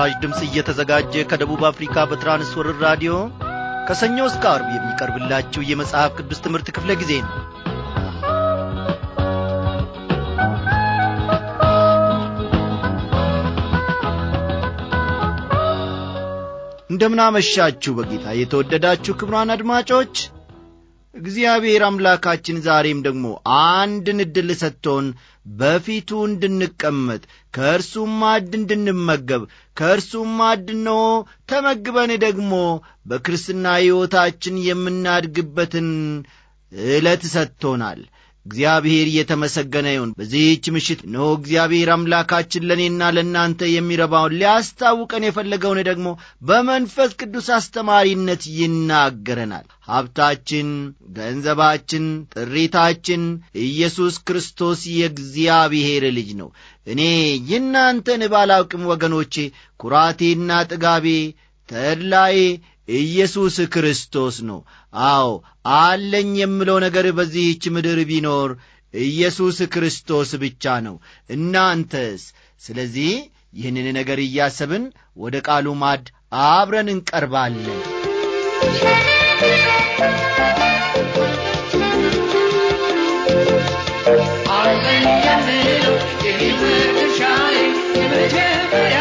ለምስራች ድምፅ እየተዘጋጀ ከደቡብ አፍሪካ በትራንስወርር ራዲዮ ከሰኞ እስከ አርብ የሚቀርብላችሁ የመጽሐፍ ቅዱስ ትምህርት ክፍለ ጊዜ ነው እንደምናመሻችሁ በጌታ የተወደዳችሁ ክብራን አድማጮች እግዚአብሔር አምላካችን ዛሬም ደግሞ አንድን ዕድል ሰጥቶን በፊቱ እንድንቀመጥ ከእርሱም ማዕድ እንድንመገብ ከእርሱም ማዕድ እነሆ ተመግበን ደግሞ በክርስትና ሕይወታችን የምናድግበትን ዕለት ሰጥቶናል እግዚአብሔር እየተመሰገነ ይሁን። በዚህች ምሽት ኖ እግዚአብሔር አምላካችን ለእኔና ለእናንተ የሚረባውን ሊያስታውቀን የፈለገውን ደግሞ በመንፈስ ቅዱስ አስተማሪነት ይናገረናል። ሀብታችን፣ ገንዘባችን፣ ጥሪታችን ኢየሱስ ክርስቶስ የእግዚአብሔር ልጅ ነው። እኔ ይናንተን ባላውቅም ወገኖቼ ኩራቴና ጥጋቤ ተድላዬ ኢየሱስ ክርስቶስ ነው። አዎ አለኝ የምለው ነገር በዚህች ምድር ቢኖር ኢየሱስ ክርስቶስ ብቻ ነው። እናንተስ? ስለዚህ ይህንን ነገር እያሰብን ወደ ቃሉ ማድ አብረን እንቀርባለን። አለን የምለው የሕይወት የመጀመሪያ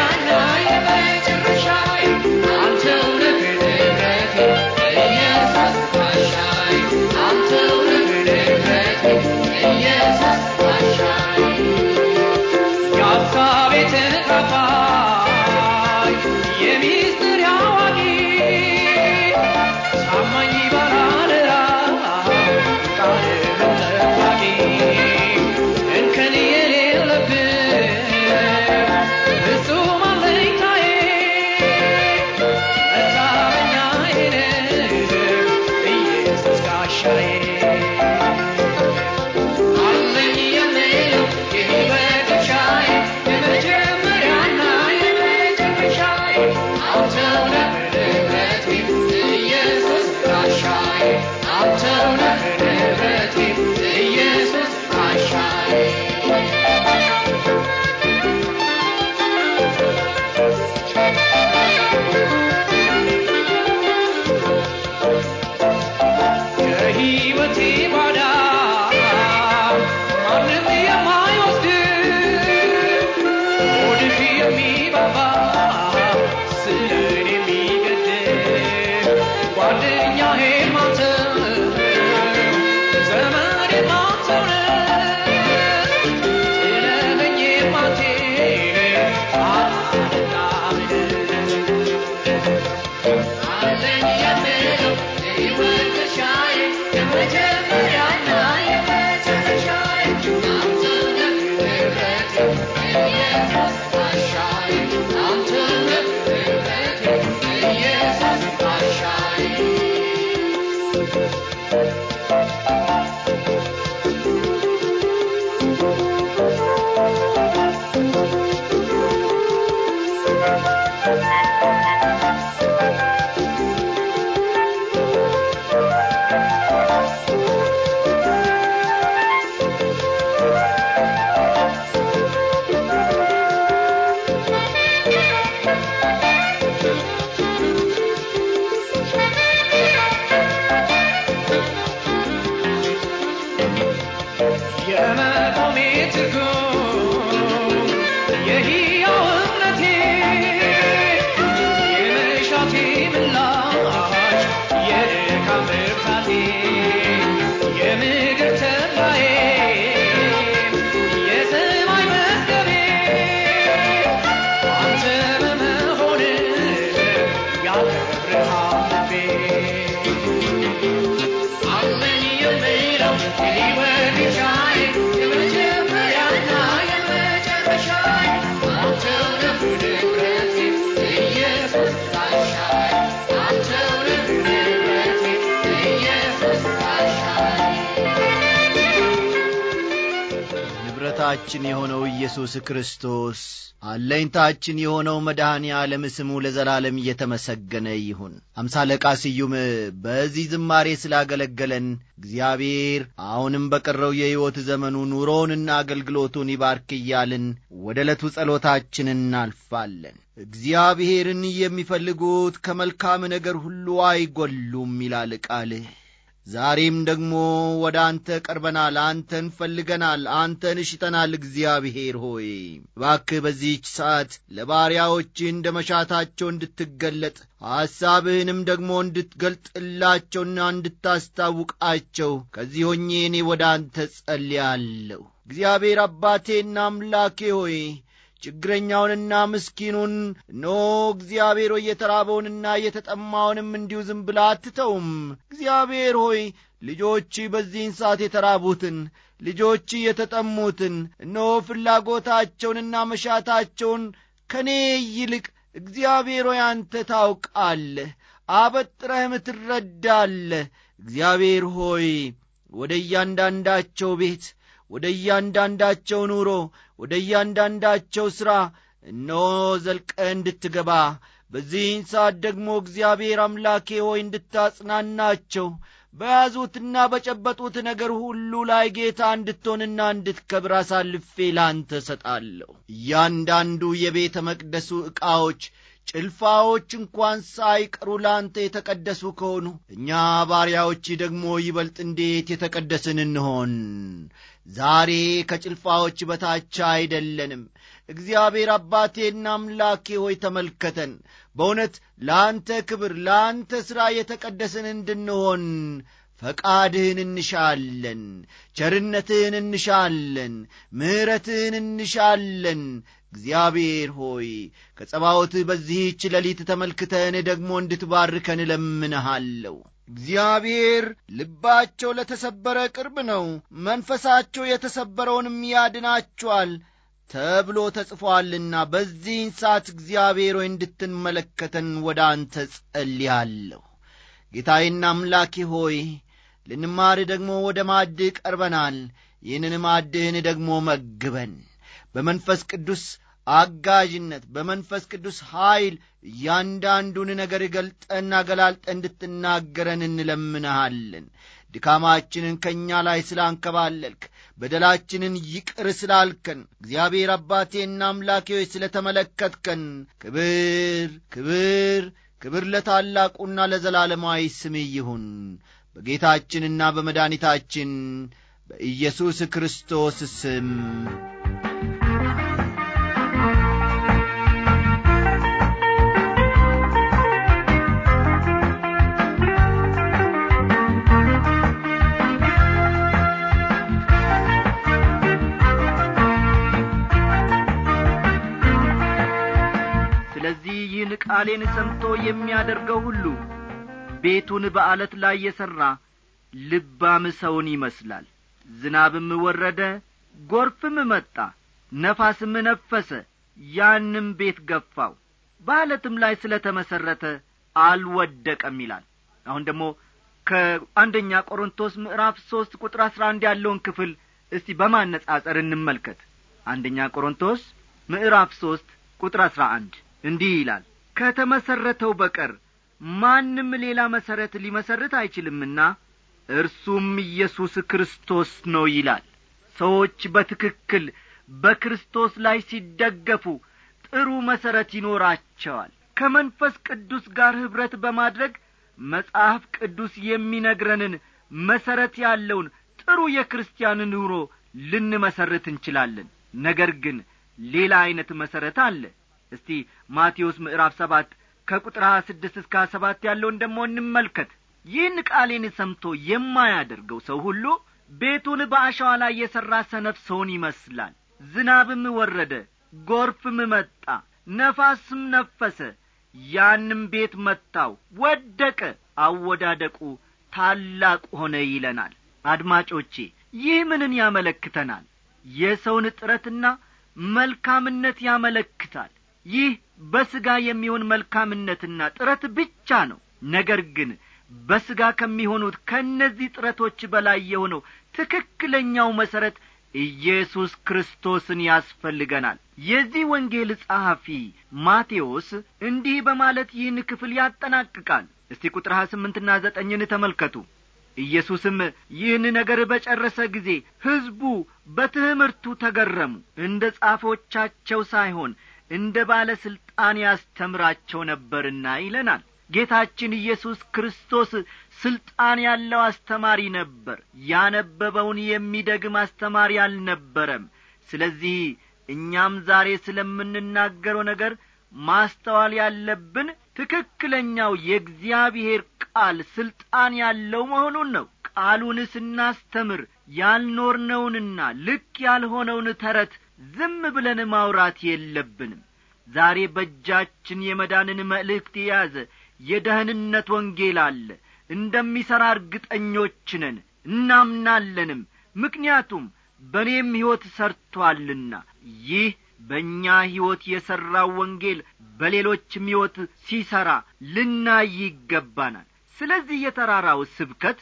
ጌታችን የሆነው ኢየሱስ ክርስቶስ አለኝታችን የሆነው መድኃኔ ዓለም ስሙ ለዘላለም እየተመሰገነ ይሁን። አምሳ አለቃ ስዩም በዚህ ዝማሬ ስላገለገለን እግዚአብሔር አሁንም በቀረው የሕይወት ዘመኑ ኑሮውንና አገልግሎቱን ይባርክ እያልን ወደ ዕለቱ ጸሎታችን እናልፋለን። እግዚአብሔርን የሚፈልጉት ከመልካም ነገር ሁሉ አይጎሉም ይላል ቃልህ። ዛሬም ደግሞ ወደ አንተ ቀርበናል፣ አንተን ፈልገናል፣ አንተን እሽተናል። እግዚአብሔር ሆይ እባክህ በዚህች ሰዓት ለባሪያዎች እንደ መሻታቸው እንድትገለጥ ሐሳብህንም ደግሞ እንድትገልጥላቸውና እንድታስታውቃቸው ከዚህ ሆኜ እኔ ወደ አንተ ጸልያለሁ። እግዚአብሔር አባቴና አምላኬ ሆይ ችግረኛውንና ምስኪኑን ኖ እግዚአብሔር ሆይ የተራበውንና የተጠማውንም እንዲሁ ዝም ብላ አትተውም። እግዚአብሔር ሆይ ልጆች በዚህን ሰዓት የተራቡትን ልጆች የተጠሙትን እኖ ፍላጎታቸውንና መሻታቸውን ከእኔ ይልቅ እግዚአብሔር ሆይ አንተ ታውቃለህ፣ አበጥረህም ትረዳለህ። እግዚአብሔር ሆይ ወደ እያንዳንዳቸው ቤት ወደ እያንዳንዳቸው ኑሮ፣ ወደ እያንዳንዳቸው ሥራ እነሆ ዘልቀ እንድትገባ በዚህን ሰዓት ደግሞ እግዚአብሔር አምላኬ ሆይ እንድታጽናናቸው በያዙትና በጨበጡት ነገር ሁሉ ላይ ጌታ እንድትሆንና እንድትከብር አሳልፌ ላንተ ሰጣለሁ። እያንዳንዱ የቤተ መቅደሱ ዕቃዎች ጭልፋዎች እንኳን ሳይቀሩ ለአንተ የተቀደሱ ከሆኑ እኛ ባሪያዎች ደግሞ ይበልጥ እንዴት የተቀደስን እንሆን? ዛሬ ከጭልፋዎች በታች አይደለንም። እግዚአብሔር አባቴና አምላኬ ሆይ ተመልከተን። በእውነት ለአንተ ክብር፣ ለአንተ ሥራ የተቀደስን እንድንሆን ፈቃድህን እንሻለን፣ ቸርነትህን እንሻለን፣ ምሕረትህን እንሻለን፣ እግዚአብሔር ሆይ ከጸባወትህ በዚህች ሌሊት ተመልክተን ደግሞ እንድትባርከን እለምንሃለሁ። እግዚአብሔር ልባቸው ለተሰበረ ቅርብ ነው፣ መንፈሳቸው የተሰበረውንም ያድናቸዋል ተብሎ ተጽፏልና በዚህን ሰዓት እግዚአብሔር ሆይ እንድትመለከተን ወደ አንተ ጸልያለሁ። ጌታዬና አምላኬ ሆይ ልንማር ደግሞ ወደ ማድህ ቀርበናል። ይህንን ማድህን ደግሞ መግበን በመንፈስ ቅዱስ አጋዥነት በመንፈስ ቅዱስ ኀይል እያንዳንዱን ነገር ገልጠና ገላልጠ እንድትናገረን እንለምንሃለን። ድካማችንን ከእኛ ላይ ስላንከባለልክ በደላችንን ይቅር ስላልከን እግዚአብሔር አባቴና አምላኬዎች ስለ ተመለከትከን ክብር ክብር ክብር ለታላቁና ለዘላለማዊ ስም ይሁን በጌታችንና በመድኃኒታችን በኢየሱስ ክርስቶስ ስም ቃሌን ሰምቶ የሚያደርገው ሁሉ ቤቱን በዓለት ላይ የሠራ ልባም ሰውን ይመስላል ዝናብም ወረደ ጐርፍም መጣ ነፋስም ነፈሰ ያንም ቤት ገፋው በዓለትም ላይ ስለ ተመሠረተ አልወደቀም ይላል አሁን ደግሞ ከአንደኛ ቆሮንቶስ ምዕራፍ ሦስት ቁጥር አሥራ አንድ ያለውን ክፍል እስቲ በማነጻጸር እንመልከት አንደኛ ቆሮንቶስ ምዕራፍ ሦስት ቁጥር አሥራ አንድ እንዲህ ይላል ከተመሠረተው በቀር ማንም ሌላ መሠረት ሊመሠርት አይችልምና እርሱም ኢየሱስ ክርስቶስ ነው ይላል ሰዎች በትክክል በክርስቶስ ላይ ሲደገፉ ጥሩ መሠረት ይኖራቸዋል ከመንፈስ ቅዱስ ጋር ኅብረት በማድረግ መጽሐፍ ቅዱስ የሚነግረንን መሠረት ያለውን ጥሩ የክርስቲያን ኑሮ ልንመሠርት እንችላለን ነገር ግን ሌላ ዐይነት መሠረት አለ እስቲ ማቴዎስ ምዕራፍ ሰባት ከቁጥር ሀያ ስድስት እስከ ሀያ ሰባት ያለውን ደግሞ እንመልከት ይህን ቃሌን ሰምቶ የማያደርገው ሰው ሁሉ ቤቱን በአሸዋ ላይ የሠራ ሰነፍ ሰውን ይመስላል ዝናብም ወረደ ጐርፍም መጣ ነፋስም ነፈሰ ያንም ቤት መታው ወደቀ አወዳደቁ ታላቅ ሆነ ይለናል አድማጮቼ ይህ ምንን ያመለክተናል የሰውን ጥረትና መልካምነት ያመለክታል ይህ በሥጋ የሚሆን መልካምነትና ጥረት ብቻ ነው ነገር ግን በሥጋ ከሚሆኑት ከእነዚህ ጥረቶች በላይ የሆነው ትክክለኛው መሠረት ኢየሱስ ክርስቶስን ያስፈልገናል የዚህ ወንጌል ጸሐፊ ማቴዎስ እንዲህ በማለት ይህን ክፍል ያጠናቅቃል እስቲ ቁጥር ሀያ ስምንትና ዘጠኝን ተመልከቱ ኢየሱስም ይህን ነገር በጨረሰ ጊዜ ሕዝቡ በትምህርቱ ተገረሙ እንደ ጻፎቻቸው ሳይሆን እንደ ባለ ሥልጣን ያስተምራቸው ነበርና ይለናል ጌታችን ኢየሱስ ክርስቶስ ሥልጣን ያለው አስተማሪ ነበር ያነበበውን የሚደግም አስተማሪ አልነበረም ስለዚህ እኛም ዛሬ ስለምንናገረው ነገር ማስተዋል ያለብን ትክክለኛው የእግዚአብሔር ቃል ሥልጣን ያለው መሆኑን ነው ቃሉን ስናስተምር ያልኖርነውንና ልክ ያልሆነውን ተረት ዝም ብለን ማውራት የለብንም ዛሬ በእጃችን የመዳንን መልእክት የያዘ የደህንነት ወንጌል አለ እንደሚሠራ እርግጠኞች ነን እናምናለንም ምክንያቱም በእኔም ሕይወት ሠርቶአልና ይህ በእኛ ሕይወት የሠራው ወንጌል በሌሎችም ሕይወት ሲሠራ ልናይ ይገባናል ስለዚህ የተራራው ስብከት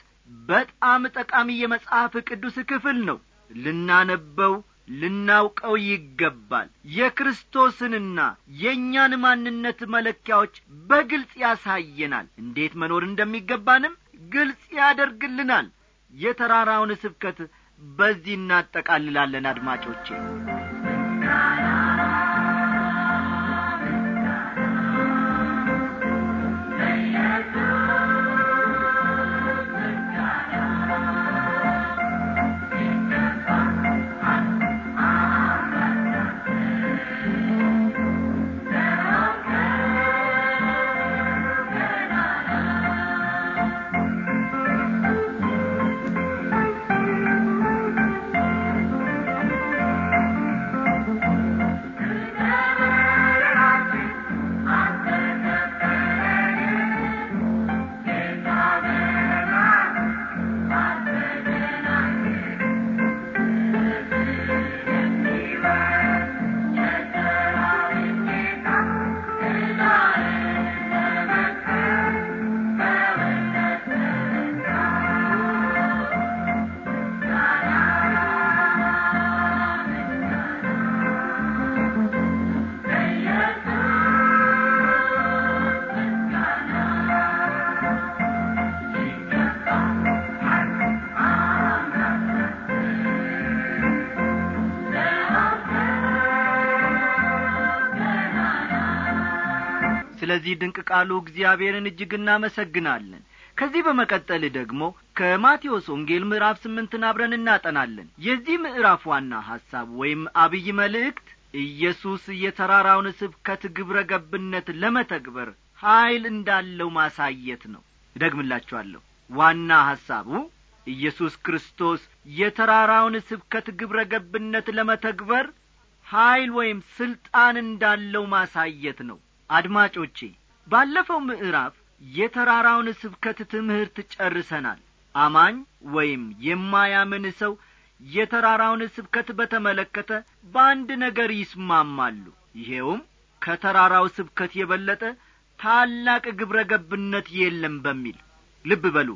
በጣም ጠቃሚ የመጽሐፍ ቅዱስ ክፍል ነው ልናነበው ልናውቀው ይገባል የክርስቶስንና የእኛን ማንነት መለኪያዎች በግልጽ ያሳየናል እንዴት መኖር እንደሚገባንም ግልጽ ያደርግልናል የተራራውን ስብከት በዚህ እናጠቃልላለን አድማጮቼ ስለዚህ ድንቅ ቃሉ እግዚአብሔርን እጅግ እናመሰግናለን ከዚህ በመቀጠል ደግሞ ከማቴዎስ ወንጌል ምዕራፍ ስምንትን አብረን እናጠናለን የዚህ ምዕራፍ ዋና ሐሳብ ወይም አብይ መልእክት ኢየሱስ የተራራውን ስብከት ግብረ ገብነት ለመተግበር ኀይል እንዳለው ማሳየት ነው እደግምላችኋለሁ ዋና ሐሳቡ ኢየሱስ ክርስቶስ የተራራውን ስብከት ግብረ ገብነት ለመተግበር ኀይል ወይም ሥልጣን እንዳለው ማሳየት ነው አድማጮቼ ባለፈው ምዕራፍ የተራራውን ስብከት ትምህርት ጨርሰናል አማኝ ወይም የማያምን ሰው የተራራውን ስብከት በተመለከተ በአንድ ነገር ይስማማሉ ይሄውም ከተራራው ስብከት የበለጠ ታላቅ ግብረ ገብነት የለም በሚል ልብ በሉ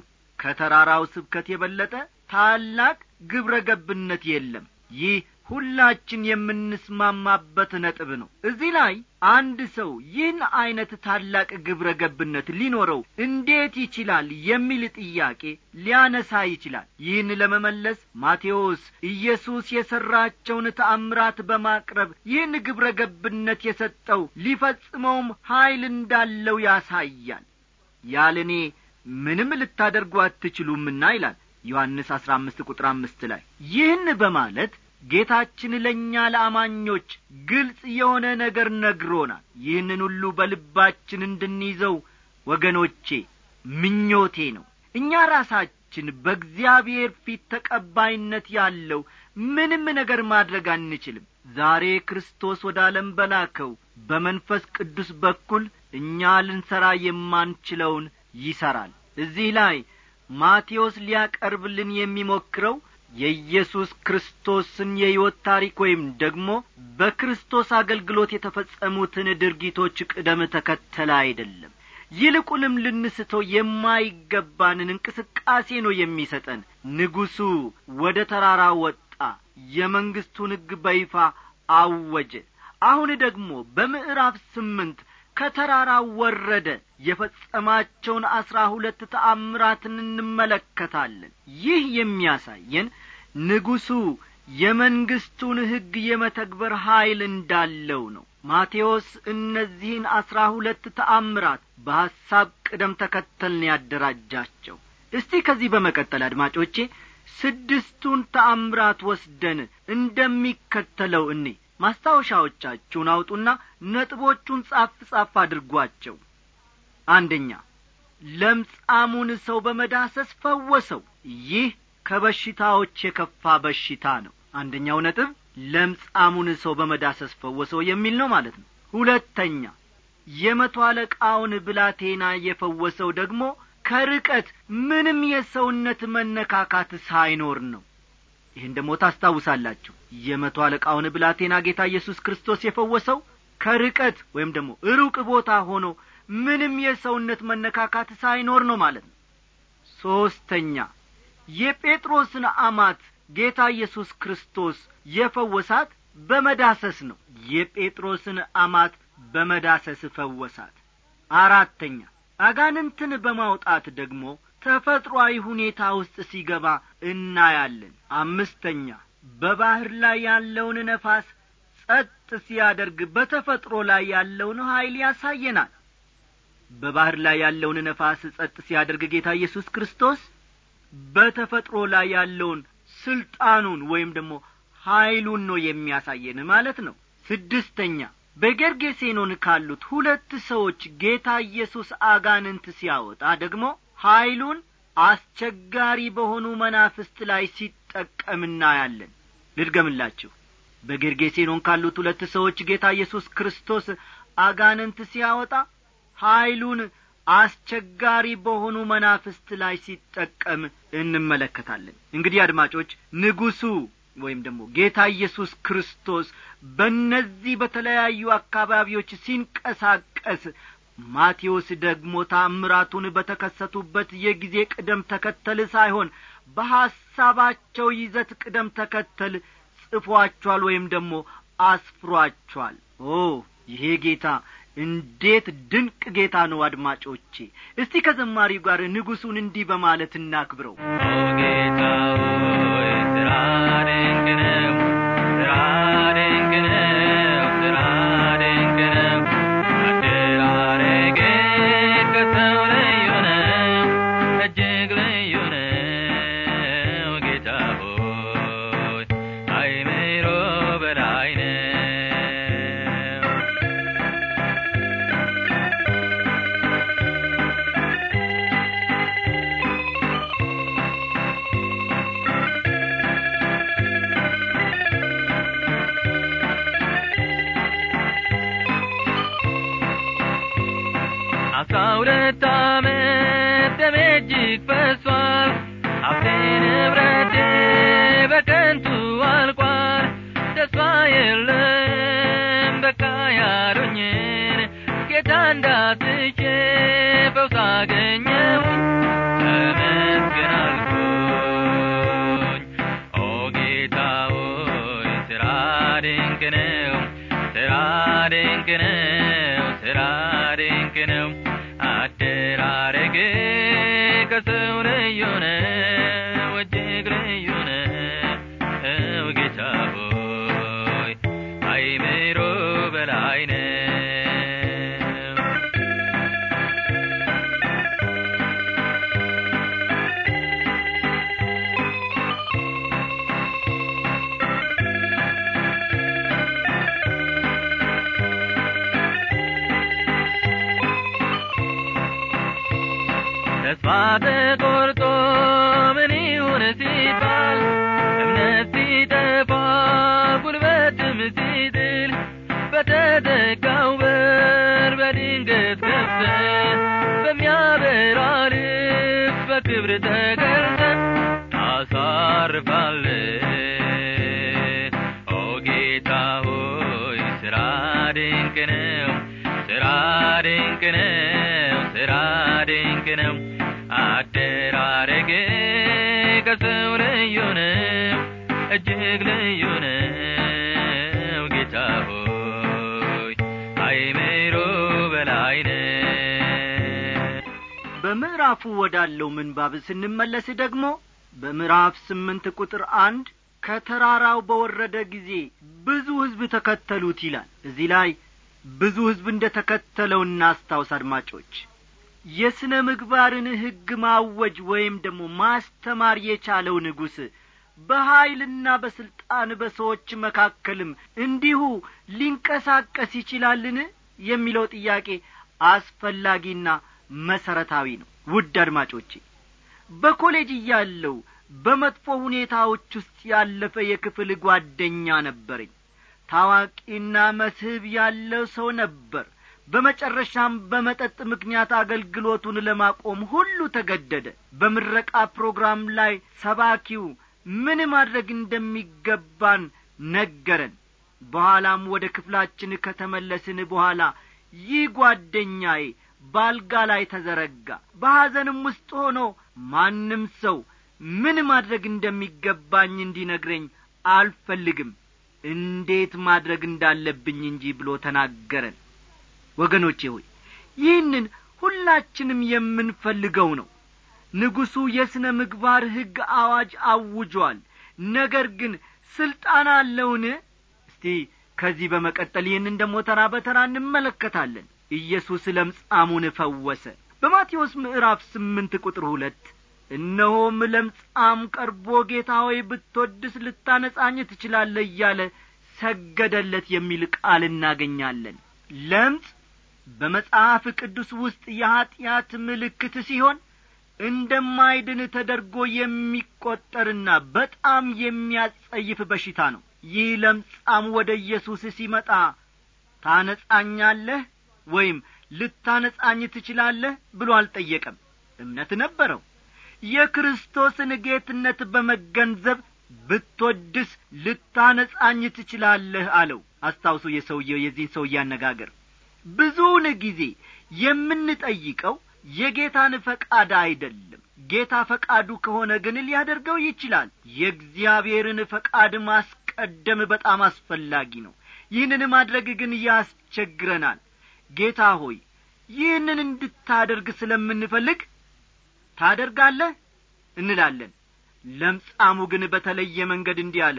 ከተራራው ስብከት የበለጠ ታላቅ ግብረ ገብነት የለም ይህ ሁላችን የምንስማማበት ነጥብ ነው እዚህ ላይ አንድ ሰው ይህን ዐይነት ታላቅ ግብረ ገብነት ሊኖረው እንዴት ይችላል የሚል ጥያቄ ሊያነሳ ይችላል ይህን ለመመለስ ማቴዎስ ኢየሱስ የሠራቸውን ተአምራት በማቅረብ ይህን ግብረ ገብነት የሰጠው ሊፈጽመውም ኀይል እንዳለው ያሳያል ያለኔ ምንም ልታደርጉ አትችሉምና ይላል ዮሐንስ አሥራ አምስት ቁጥር አምስት ላይ ይህን በማለት ጌታችን ለእኛ ለአማኞች ግልጽ የሆነ ነገር ነግሮናል ይህንን ሁሉ በልባችን እንድንይዘው ወገኖቼ ምኞቴ ነው እኛ ራሳችን በእግዚአብሔር ፊት ተቀባይነት ያለው ምንም ነገር ማድረግ አንችልም ዛሬ ክርስቶስ ወደ ዓለም በላከው በመንፈስ ቅዱስ በኩል እኛ ልንሠራ የማንችለውን ይሠራል እዚህ ላይ ማቴዎስ ሊያቀርብልን የሚሞክረው የኢየሱስ ክርስቶስን የሕይወት ታሪክ ወይም ደግሞ በክርስቶስ አገልግሎት የተፈጸሙትን ድርጊቶች ቅደም ተከተል አይደለም ይልቁንም ልንስተው የማይገባንን እንቅስቃሴ ነው የሚሰጠን ንጉሡ ወደ ተራራ ወጣ የመንግሥቱን ሕግ በይፋ አወጀ አሁን ደግሞ በምዕራፍ ስምንት ከተራራው ወረደ የፈጸማቸውን አስራ ሁለት ተአምራትን እንመለከታለን ይህ የሚያሳየን ንጉሡ የመንግሥቱን ሕግ የመተግበር ኀይል እንዳለው ነው ማቴዎስ እነዚህን አስራ ሁለት ተአምራት በሐሳብ ቅደም ተከተልን ያደራጃቸው እስቲ ከዚህ በመቀጠል አድማጮቼ ስድስቱን ተአምራት ወስደን እንደሚከተለው እኔ ማስታወሻዎቻችሁን አውጡና ነጥቦቹን ጻፍ ጻፍ አድርጓቸው አንደኛ ለምጻሙን ሰው በመዳሰስ ፈወሰው ይህ ከበሽታዎች የከፋ በሽታ ነው አንደኛው ነጥብ ለምጻሙን ሰው በመዳሰስ ፈወሰው የሚል ነው ማለት ነው ሁለተኛ የመቶ አለቃውን ብላቴና የፈወሰው ደግሞ ከርቀት ምንም የሰውነት መነካካት ሳይኖር ነው ይህን ደሞ ታስታውሳላችሁ የመቶ አለቃውን ብላቴና ጌታ ኢየሱስ ክርስቶስ የፈወሰው ከርቀት ወይም ደግሞ ሩቅ ቦታ ሆኖ ምንም የሰውነት መነካካት ሳይኖር ነው ማለት ነው ሦስተኛ የጴጥሮስን አማት ጌታ ኢየሱስ ክርስቶስ የፈወሳት በመዳሰስ ነው የጴጥሮስን አማት በመዳሰስ ፈወሳት አራተኛ አጋንንትን በማውጣት ደግሞ ተፈጥሯዊ ሁኔታ ውስጥ ሲገባ እናያለን አምስተኛ በባህር ላይ ያለውን ነፋስ ጸጥ ሲያደርግ በተፈጥሮ ላይ ያለውን ኀይል ያሳየናል በባህር ላይ ያለውን ነፋስ ጸጥ ሲያደርግ ጌታ ኢየሱስ ክርስቶስ በተፈጥሮ ላይ ያለውን ስልጣኑን ወይም ደግሞ ኀይሉን ነው የሚያሳየን ማለት ነው ስድስተኛ በጌርጌሴኖን ካሉት ሁለት ሰዎች ጌታ ኢየሱስ አጋንንት ሲያወጣ ደግሞ ኀይሉን አስቸጋሪ በሆኑ መናፍስት ላይ ሲጠቀም እናያለን ልድገምላችሁ በጌርጌሴኖን ካሉት ሁለት ሰዎች ጌታ ኢየሱስ ክርስቶስ አጋንንት ሲያወጣ ኀይሉን አስቸጋሪ በሆኑ መናፍስት ላይ ሲጠቀም እንመለከታለን እንግዲህ አድማጮች ንጉሡ ወይም ደግሞ ጌታ ኢየሱስ ክርስቶስ በእነዚህ በተለያዩ አካባቢዎች ሲንቀሳቀስ ማቴዎስ ደግሞ ታምራቱን በተከሰቱበት የጊዜ ቅደም ተከተል ሳይሆን በሐሳባቸው ይዘት ቅደም ተከተል ጽፏቸዋል ወይም ደግሞ አስፍሯቸዋል ኦ ይሄ ጌታ እንዴት ድንቅ ጌታ ነው አድማጮቼ እስቲ ከዘማሪው ጋር ንጉሡን እንዲህ በማለት እናክብረው ጌታ ሆይ ስራ ድንቅ ነው ከተዘጋው በር በድንገት ከፍተ በሚያበራ ልብ በክብር ተገልጠ ታሳርፋለ ኦ ጌታ ሆይ ስራ ድንቅ ነው ስራ ድንቅ ነው ስራ ድንቅ ነው አደራረግ ከሰው ልዩ ነው እጅግ ልዩ ነው በመጽሐፉ ወዳለው ምንባብ ስንመለስ ደግሞ በምዕራፍ ስምንት ቁጥር አንድ ከተራራው በወረደ ጊዜ ብዙ ሕዝብ ተከተሉት ይላል እዚህ ላይ ብዙ ሕዝብ እንደ ተከተለው እናስታውስ አድማጮች የሥነ ምግባርን ሕግ ማወጅ ወይም ደግሞ ማስተማር የቻለው ንጉሥ በኀይልና በሥልጣን በሰዎች መካከልም እንዲሁ ሊንቀሳቀስ ይችላልን የሚለው ጥያቄ አስፈላጊና መሠረታዊ ነው ውድ አድማጮቼ በኮሌጅ እያለው በመጥፎ ሁኔታዎች ውስጥ ያለፈ የክፍል ጓደኛ ነበረኝ ታዋቂና መስህብ ያለው ሰው ነበር በመጨረሻም በመጠጥ ምክንያት አገልግሎቱን ለማቆም ሁሉ ተገደደ በምረቃ ፕሮግራም ላይ ሰባኪው ምን ማድረግ እንደሚገባን ነገረን በኋላም ወደ ክፍላችን ከተመለስን በኋላ ይህ ጓደኛዬ ባልጋ ላይ ተዘረጋ በሐዘንም ውስጥ ሆኖ ማንም ሰው ምን ማድረግ እንደሚገባኝ እንዲነግረኝ አልፈልግም እንዴት ማድረግ እንዳለብኝ እንጂ ብሎ ተናገረን ወገኖቼ ሆይ ይህንን ሁላችንም የምንፈልገው ነው ንጉሡ የሥነ ምግባር ሕግ አዋጅ አውጇል ነገር ግን ሥልጣን አለውን እስቲ ከዚህ በመቀጠል ይህንን ደሞ ተራ በተራ እንመለከታለን ኢየሱስ ለምጻሙን ፈወሰ በማቴዎስ ምዕራፍ ስምንት ቁጥር ሁለት እነሆም ለምጻም ቀርቦ ጌታ ሆይ ብትወድስ ልታነጻኝ ትችላለህ እያለ ሰገደለት የሚል ቃል እናገኛለን ለምጽ በመጽሐፍ ቅዱስ ውስጥ የኀጢአት ምልክት ሲሆን እንደማይድን ተደርጎ የሚቈጠርና በጣም የሚያጸይፍ በሽታ ነው ይህ ለምጻም ወደ ኢየሱስ ሲመጣ ታነጻኛለህ ወይም ልታነጻኝ ትችላለህ ብሎ አልጠየቀም እምነት ነበረው የክርስቶስን ጌትነት በመገንዘብ ብትወድስ ልታነጻኝ ትችላለህ አለው አስታውሱ የሰውየው የዚህን ሰውዬ አነጋገር ብዙውን ጊዜ የምንጠይቀው የጌታን ፈቃድ አይደለም ጌታ ፈቃዱ ከሆነ ግን ሊያደርገው ይችላል የእግዚአብሔርን ፈቃድ ማስቀደም በጣም አስፈላጊ ነው ይህንን ማድረግ ግን ያስቸግረናል ጌታ ሆይ ይህንን እንድታደርግ ስለምንፈልግ ታደርጋለህ እንላለን ለምጻሙ ግን በተለየ መንገድ እንዲህ አለ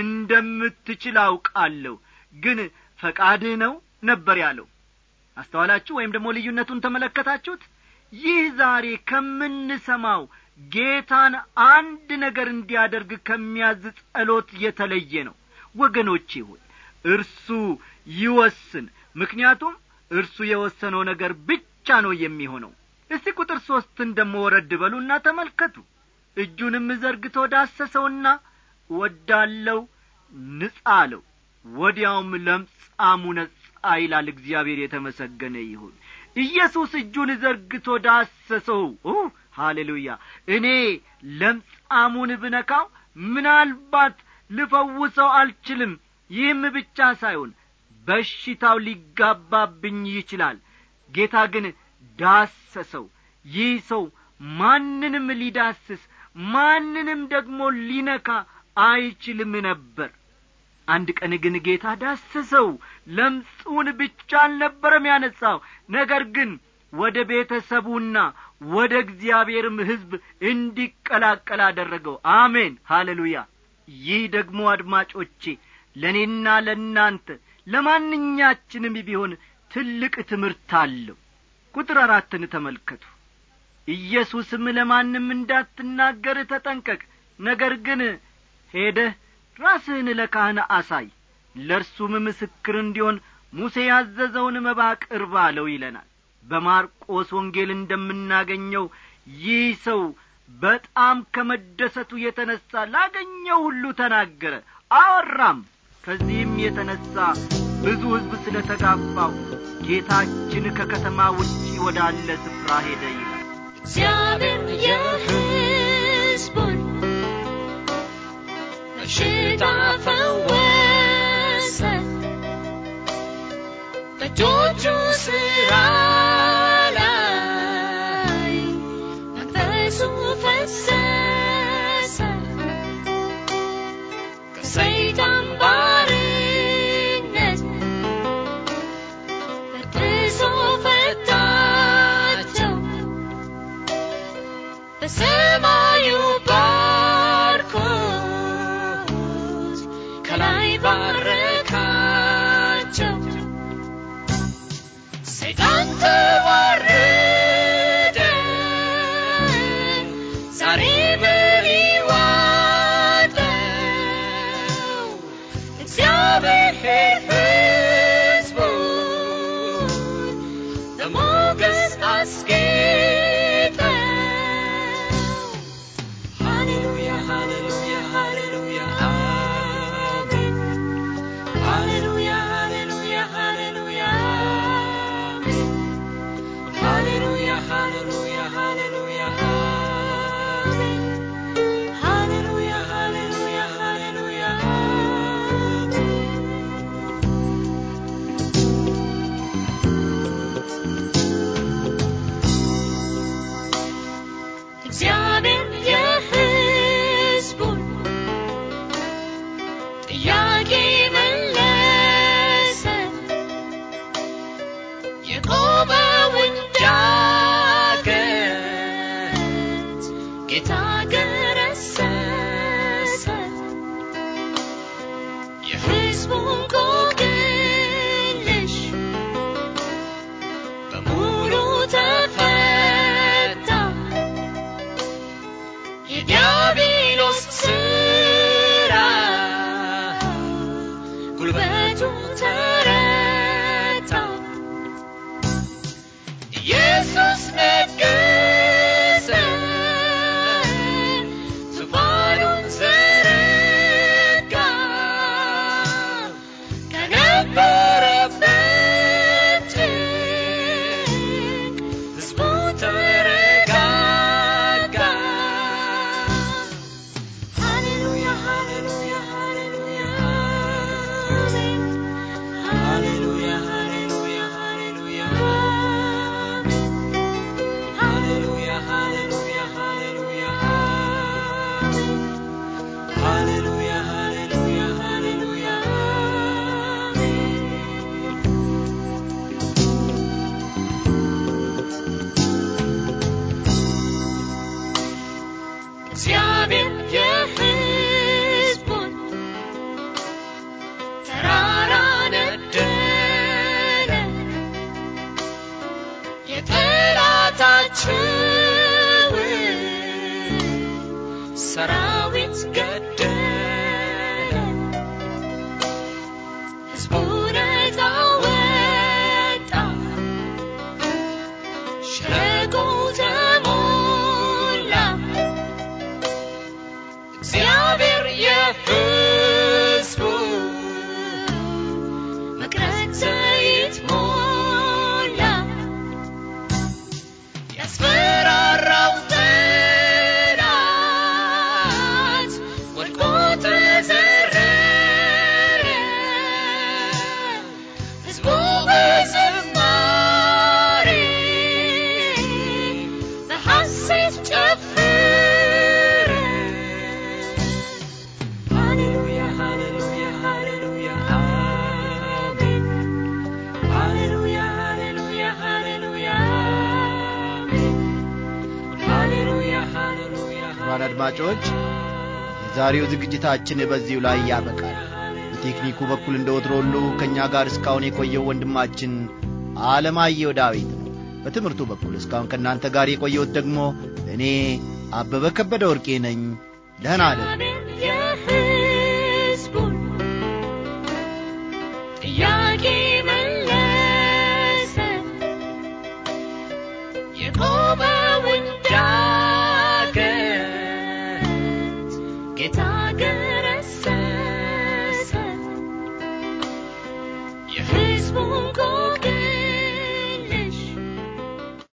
እንደምትችል አውቃለሁ ግን ፈቃድህ ነው ነበር ያለው አስተዋላችሁ ወይም ደግሞ ልዩነቱን ተመለከታችሁት ይህ ዛሬ ከምንሰማው ጌታን አንድ ነገር እንዲያደርግ ከሚያዝ ጸሎት የተለየ ነው ወገኖቼ ሆይ እርሱ ይወስን ምክንያቱም እርሱ የወሰነው ነገር ብቻ ነው የሚሆነው እስቲ ቁጥር ሦስትን ደሞ ወረድ በሉና ተመልከቱ እጁንም ዘርግቶ ዳሰሰውና ወዳለው ንጻ አለው ወዲያውም ለምጻሙ ነጻ ይላል እግዚአብሔር የተመሰገነ ይሁን ኢየሱስ እጁን ዘርግቶ ዳሰሰው ሃሌሉያ እኔ ለምጻሙን ብነካው ምናልባት ልፈውሰው አልችልም ይህም ብቻ ሳይሆን በሽታው ሊጋባብኝ ይችላል ጌታ ግን ዳሰሰው ይህ ሰው ማንንም ሊዳስስ ማንንም ደግሞ ሊነካ አይችልም ነበር አንድ ቀን ግን ጌታ ዳሰሰው ለምጹን ብቻ አልነበረም ያነጻው ነገር ግን ወደ ቤተሰቡና ወደ እግዚአብሔርም ሕዝብ እንዲቀላቀል አደረገው አሜን ሃሌሉያ ይህ ደግሞ አድማጮቼ ለእኔና ለእናንተ ለማንኛችንም ቢሆን ትልቅ ትምህርት አለው ቁጥር አራትን ተመልከቱ ኢየሱስም ለማንም እንዳትናገር ተጠንቀቅ ነገር ግን ሄደህ ራስህን ለካህን አሳይ ለእርሱም ምስክር እንዲሆን ሙሴ ያዘዘውን መባ ቅርብ አለው ይለናል በማርቆስ ወንጌል እንደምናገኘው ይህ ሰው በጣም ከመደሰቱ የተነሣ ላገኘው ሁሉ ተናገረ አወራም ከዚህም የተነሣ ብዙ ሕዝብ ስለ ተጋፋው ጌታችን ከከተማ ውጪ ወዳለ ስፍራ ሄደ ይላል እግዚአብሔር የሕዝቡን በሽታ ፈወሰ በእጆቹ ሥራ ላይ መቅደሱ ፈሰሰ Jesus' name. true. 사랑 አድማጮች የዛሬው ዝግጅታችን በዚሁ ላይ ያበቃል በቴክኒኩ በኩል እንደ ወትሮ ሁሉ ከእኛ ጋር እስካሁን የቆየው ወንድማችን አለማየሁ ዳዊት ነው በትምህርቱ በኩል እስካሁን ከእናንተ ጋር የቆየውት ደግሞ እኔ አበበ ከበደ ወርቄ ነኝ ደህና አደሩ